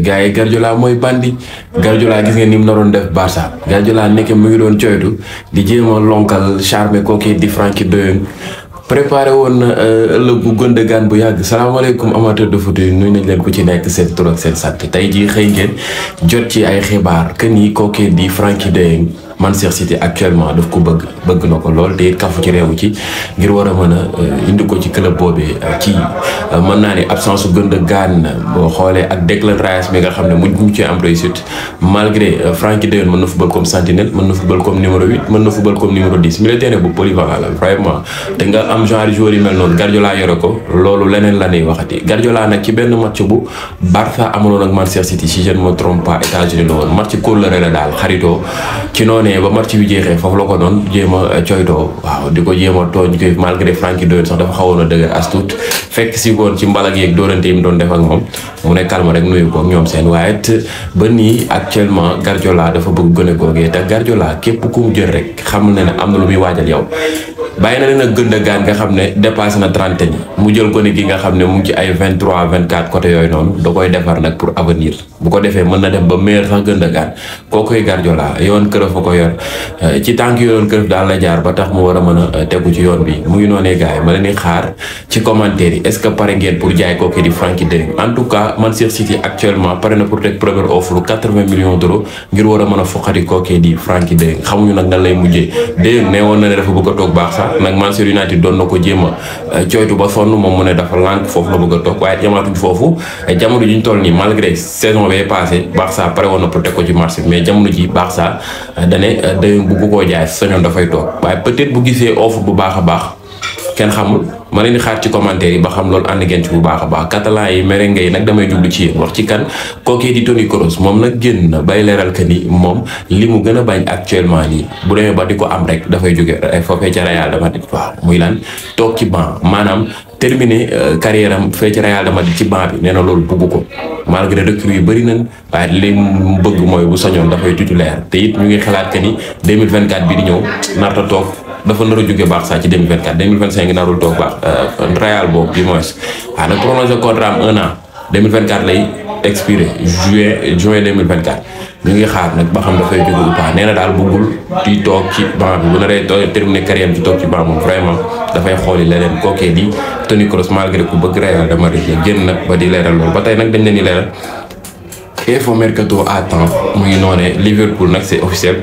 gars yi Guardiola mooy bandi Guardiola gis ngeen ni mu naroon def Barça Guardiola nekk mu ngi doon coytu di jéem a lonkal charme kooku di Frenkie de Jong préparé woon na euh, ëllëg bu gën de gaan bu yàgg salaamaaleykum amateur de foot yi nuyu leen ku ci nekk seen tur seen sant tey jii xëy ngeen jot ci ay xibaar que ni kooku di Frenkie de Jong Manchester City actuellement daf ko bëgg bëgg na ko loolu te it kafu ci réewu ci ngir war a mën a euh, indi ko ci club boobee euh, ci euh, mën naa ne absence su gën a gaan boo xoolee ak Declan Rice mi nga xam ne mu mu cee am réussite malgré Frenkie de Jong mën na football comme sentinelle mën na football comme numéro 8 mën na football comme numéro 10 milieu terrain bu polyvalent la vraiment te nga am genre joueur yu mel noonu Guardiola yore ko loolu leneen la ñuy waxati Guardiola nag ci benn match bu Barça amaloon ak Manchester City si je ne me trompe pas États-Unis la woon match kóllëre la daal xaritoo ci nee ba match bi jeexee foofu la ko doon jéem a eh, waaw di ko jéem a tooñ koy malgré Frenkie de Jong sax dafa xawoon a dëgër as tuut fekk si woon ci mbalag yeeg dóorante yi mu doon def ak moom mu ne calme rek nuyu ko ñoom seen waaye it ba nii actuellement Guardiola dafa bëgg gën a googee te Guardiola képp ku mu jël rek xam na ne am na lu muy waajal yow. bàyyi na leen a gën a gaan nga xam ne dépassé na trente mu jël ko ne gi nga xam ne mu ngi ci ay vingt trois vingt quatre côté yooyu noonu da koy defar nag pour avenir bu ko defee mën na def ba meilleur sax gën a gaan kooku yor eh, ci tànk yu doon kër daal la jaar ba tax mu war a mën a eh, tegu ci yoon bi mu ngi noonee gars yi ma leen di xaar ci commentaire yi est pare ngeen pour jaay kooku di Frenkie de en tout cas Manchester City a a a United doon na ko jéem a eh, coytu ba sonn moom mu ne dafa lànk foofu la bëgg a toog waaye jamaatuñ foofu ji ñu toll nii malgré saison bee passé Barça pare woon na pour teg ci marché mais jamono ji Barça dane ne euh, dañu bugg koo jaay sañoon dafay toog waaye peut-être bu gisee offre bu baax a baax kenn xamul ma leen di xaar ci commentaire yi ba xam loolu ànd ngeen ci bu baax a baax catalan yi merengue yi nag damay jublu ci yéen wax ci kan kookee di Toni Kroos moom nag génn na bay leeral que ni moom li mu gën a bañ actuellement nii bu demee ba di ko am rek dafay jóge foofee ca Real dama di waaw muy lan toog ci banc maanaam terminé euh, carrière am fee ci Real de Madrid ci banc bi nee na loolu bugg ko malgré recrues yu bëri nañ waaye li mu bëgg mooy bu soñoon dafay titulaire te it ñu ngi xalaat que ni 2024 bi di ñëw narta toog dafa nar a jóge baax sax ci 2024 2025 narul toog baax euh, Real boobu du moins waaye nag prolongé contrat am un an 2024 lay. expiré juillet juin 2024 ñu ngi xaar nag ba xam dafay jóge ou pas nee na daal bëggul di toog ci banc bi bu na dee terminé carrière ci toog ci banc moom vraiment dafay xooli leneen kookee di Toni Kroos malgré ku bëgg Real dama rëcc génn nag ba di leeral loolu ba tey nag dañ leen di leeral info mercato à temps mu ngi noonee Liverpool nag c'est officiel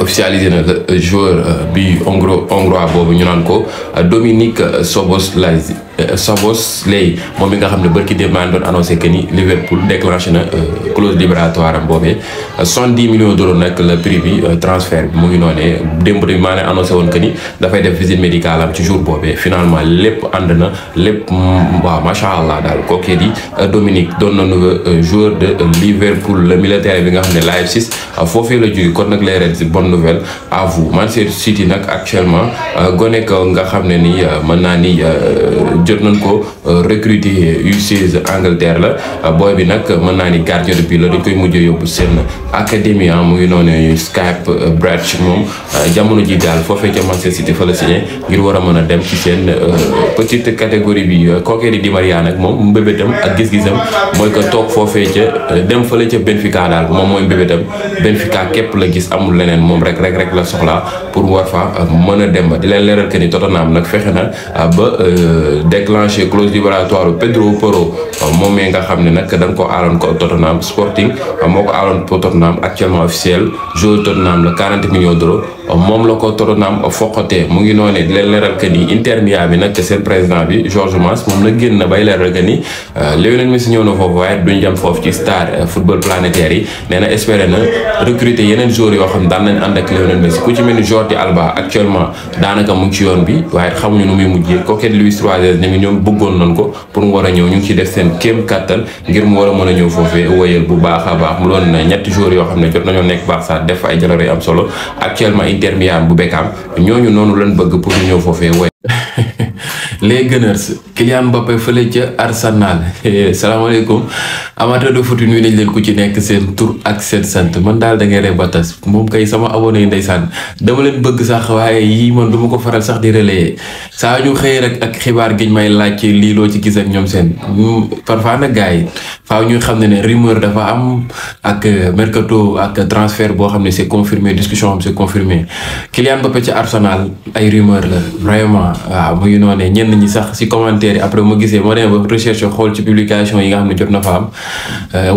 officialisé na joueur euh, bi hongrois hongrois boobu ñu naan ko a euh, Dominique Soboslai Euh, Savos Ley moom mi nga xam ne barki démb maa ngi doon annoncé que ni Liverpool déclenché na euh, clause libératoire am boobee soixante-dix nag le prix bi euh, transfert bi mu ngi noonee démb bi maa ne annoncé woon que ni dafay def visite médicale am ci jour boobee finalement lépp ànd na lépp mm, waaw allah daal kooku di Dominique doon na nouveau joueur de Liverpool le militaire bi nga xam ne Leipzig foofee la jógee kon nag les Reds bonne nouvelle à vous Manchester City nag actuellement gone ko nga xam ne ni mën naa ni. jot nañ ko euh, recruter U16 Angleterre la euh, booy bi nag mën naa ni gardien de but la dañ koy mujjee yóbbu na académie ah, mu ngi noonu eh, Skype eh, moom eh, jamono ji daal foofee ca Manchester City fa la war a mën a dem ci seen petite bi kookee di nag moom mbébétam ak gis-gisam mooy que toog foofee ca dem fële ca Benfica daal moom mooy mbébétam Benfica képp la gis amul leneen moom rek rek rek la soxla pour war fa mën a dem di leen leeral que ni Tottenham nag fexe na ba déclenché clause libératoire Pedro Porro moomee nga xam ne nag da ko aaloon ko Tottenham Sporting moo ko aaloon Tottenham actuellement officiel joueur Tottenham la 40 millions d'euros moom la ko Tottenham foqatee mu ngi noonee di leeral que ni Inter bi nag seen président bi George Mas moom nag génn na bay leeral que ni euh, Lionel Messi ñëw na foofu waaye duñ jam foofu ci star euh, football planétaire yi nee na espéré na recruter yeneen joueurs yoo xam daan nañ ànd ak Lionel Messi ku ci mel ni Jordi yoon bi waaye xamuñu nu muy mujjee kooku Luis Suarez ñu ngi ñoom bëggoon nañ ko pour mu war a ñëw ñu ngi ci def seen kéem kattan ngir mu war a mën a ñëw foofee wëyal bu baax a baax mu doon ñetti joueurs yoo xam ne jot nañoo nekk Barça def ay jaloore am solo actuellement Inter Milan bu Beckham ñooñu noonu lan bëgg pour ñu ñëw foofee woy les Gunners Kylian Mbappé fële ca Arsenal eh, salaamaaleykum amateur de foot nuyu nañ leen ku ci nekk seen tur ak seen sant man daal da ba tas moom kay sama abonné yi ndeysaan dama leen bëgg sax waaye yii man du ko faral sax di relayer saa ñu xëy rek ak xibaar giñ may laaj lii loo ci gis ak ñoom seen parfois nag gars yi faaw ñuy xam ne ne rumeur dafa am ak euh, mercato ak transfert boo xam ne c'est confirmé discussion am c'est confirmé Kylian Mbappé ca Arsenal ay rumeur la vraiment waaw mu ngi noonee ñenn ñi sax si commentaire yi après ma ma dem ba recherche xool ci publication yi nga xam ne jot na fa am euh,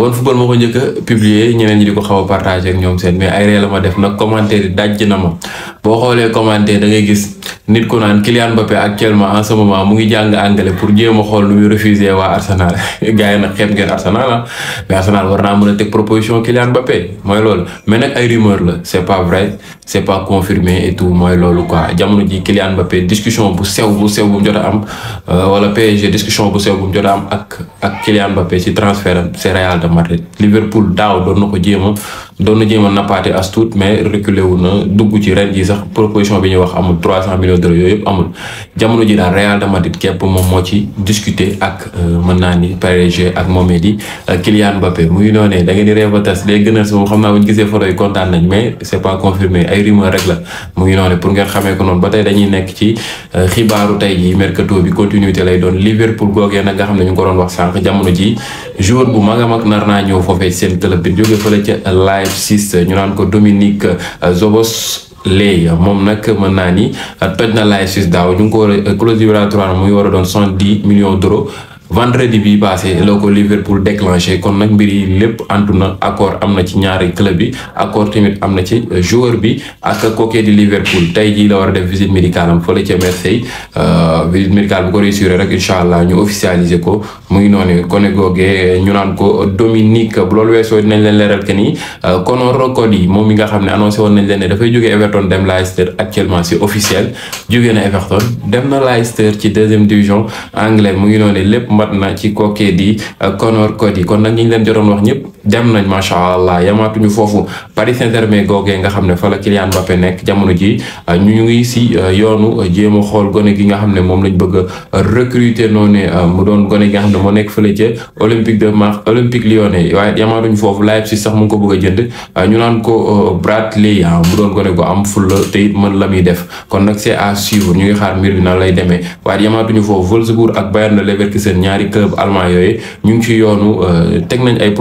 ko a a naan Kylian Mbappé actuellement en ce moment mu ngi jàng anglais pour jéem a xool nu muy waa Arsenal gars yi nag xeeb ngeen Arsenal ah. mais Arsenal war naa mën a teg proposition Kylian Mbappé mooy loolu mais nag la c'est pas vrai c'est pas confirmé et tout mooy loolu quoi jamono ji Kylian Mbappé discussion bu sew bu sew bu jot am am euh, wala PSG discussion bu sew bu mu jot am ak ak Kylian Mbappé ci transfert am c'est Real de Madrid Liverpool daaw doon na ko jéem a doon na jéem a nappaate as tuut mais reculé wu na dugg ci ren ji sax proposition bi ñu wax amul 300 millions d'euros yooyu yëpp amul jamono ji daal Real de Madrid képp moom moo ci discuter ak euh, mën naa ni PSG ak moomee di euh, Kylian Mbappé muy noonee da ngeen di réew a tas day gënal si moom mais c'est pas confirmé ay rumeur rek mu ngi noonee pour ngeen xamee ko noonu ba tey dañuy nekk ci euh, xibaaru tey ji mercato bi continuité lay doon Liverpool googee nag nga xam ne ñu ko doon wax sànq jamono ji joueur bu mag a mag nar naa ñëw foofee seen club artiste ñu naan ko Dominique euh, Zobos léegi moom nag mën naa ni euh, toj na laay sis daaw ñu ngi ko war a euh, clôture muy war a doon cent dix millions d'euros vendredi bi passé la ko Liverpool déclenché kon nag mbir yi lépp antu na accord am na ci ñaari club bi accord tamit am na ci euh, joueur bi ak kookee di tey jii la a def visite médicale am fële ca Marseille euh, visite médicale bu ko réussir rek incha allah ñu officialiser ko mu ngi noonu kone googee euh, ñu naan ko Dominique bu loolu weesoo dinañ leen leeral que ni Conor Cody moom mi nga xam ne annoncé woon nañ leen ne dafay jógee Everton dem Leicester actuellement c'est officiel jógee na Everton dem na Leicester ci deuxième division anglais mu ngi noonu lépp. mat na ci kookee di euh, Conor Cody kon nag ñi leen jotoon wax ñëpp dem nañ macha allah yamaatuñu foofu Paris Saint-Germain googee nga xam ne fa la Kylian Mbappé euh, ñu ngi si euh, yoonu jéem a xool gone gi nga xam ne moom lañ bëgg a recruter noonu mu doon gone gi nga xam ne moo nekk fële ca Olympique de Marseille Olympique Lyonnais waaye yamaatuñu foofu Leipzig sax mu ngi ko bëgg a jënd ñu naan ko Bradley ah, mu doon gone gu am fulla te it mën la muy def kon nag c'est a suivre ñu ngi xaar mbir bi nan lay demee waaye yamaatuñu foofu Wolfsburg ak Bayer Leverkusen ñaari club allemand yooyu ñu ngi ci yoonu euh, teg nañ ay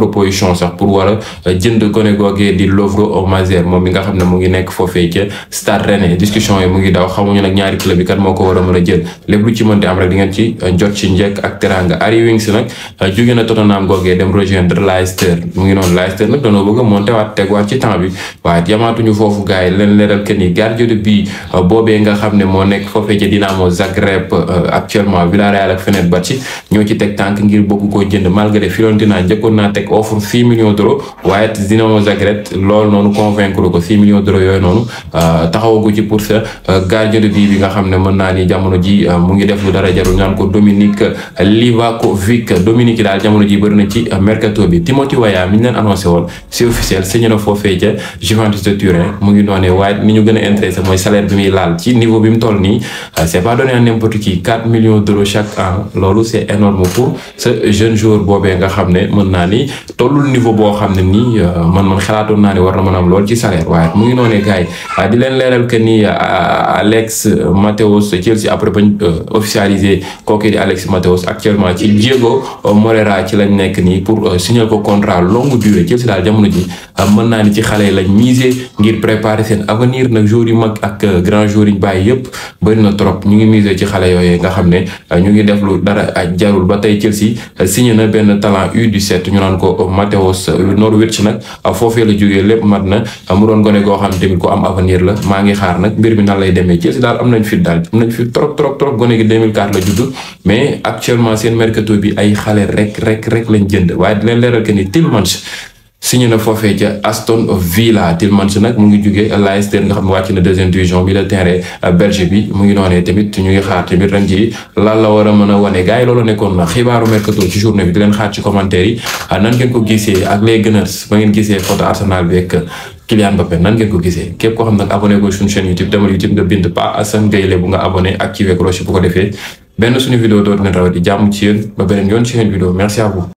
sax pour war euh, jënd gone googee di Lovro Mazer moom mi nga xam ne mu ngi nekk foofee ca Stade Rennais yi mu ngi daw xamuñu nag ñaari club yi moo ko war a mën a jël lépp lu ci mënti am rek di ngeen ci euh, jot ci njëkk ak teranga Harry Winks nag jóge na Tottenham googee dem de rejoindre Leicester mu ngi noonu Leicester nag danoo bëgg a monter waat tegwaat ci temps bi waaye yamaatuñu foofu gars yi leen leeral que ni gardien de but boobee nga xam ne moo nekk foofee ca Dinamo Zagreb actuellement Villarreal ak Fenerbahçe ñoo ci teg tànk ngir bëgg koo jënd malgré Fiorentina njëkkoon naa teg offre six millions d'euros waaye Dinamo noonu convaincre ko noonu euh, taxawagu ci euh, de but bi nga xam ne mën naa ni jamono ji euh, mu ngi def lu dara ko Dominik bi Timothy Weah mi ñu leen annoncé woon mu ngi noonee waaye a intéressé mooy salaire bi muy laal ci niveau bi millions d'euros chaque an loolu c'est énorme ñaanal ma pour sa jeune jour boobee nga xam ne mën naa ni tollul niveau boo xam ne nii euh, man man xalaatoon naa ne war na mën a am lool ci salaire waaye mu ngi noonee kaay yi di leen leeral que ni euh, Alex Mateos Chelsea après bañ euh, officialisé kooku di Alex Mateos actuellement ci Diego Moreira ci lañ nekk nii pour signer ko contrat longue durée Chelsea daal jamono ji mën naa ni ci xale yi lañ miser ngir préparer seen avenir na jour yu mag ak euh, grand jour yi bàyyi yëpp bëri na trop ñu ngi miser ci xale yooyu nga xam ne euh, ñu ngi def lu dara a jarul ba tey Chelsea euh, signé na benn talent U17 ñu naan ko Matthäus Norwich nag foofee la jógee lépp mat na mu doon gone goo xam tamit ko am avenir la maa ngi xaar nag mbir mi nan lay demee Chelsea daal am nañ fit daal am nañ fit trop trop trop gone gi 2004 la judd mais actuellement seen mercato bi ay xale rek rek rek lañ jënd waaye di leen leeral ni Tielemans signé na foofee ca Aston Villa Tielemans nag mu ngi jugee Leicester nga xam ne wàcc na deuxième division bi la terrain euh, belge bi mu ngi noonee tamit ñu xaar tamit ren jii lan la war a mën a wane gars yi loolu nekkoon xibaaru mercato ci journée bi di leen xaar ci commentaire yi euh, nan ngeen ko gisee ak les Gunners ba ngeen gisee photo Arsenal bi ak euh, Kylian Mbappé nan ngeen ko gisee képp koo xam nag abonné ko suñu chaîne YouTube demal YouTube nga bind Pa benn yoon ci seen vidéo merci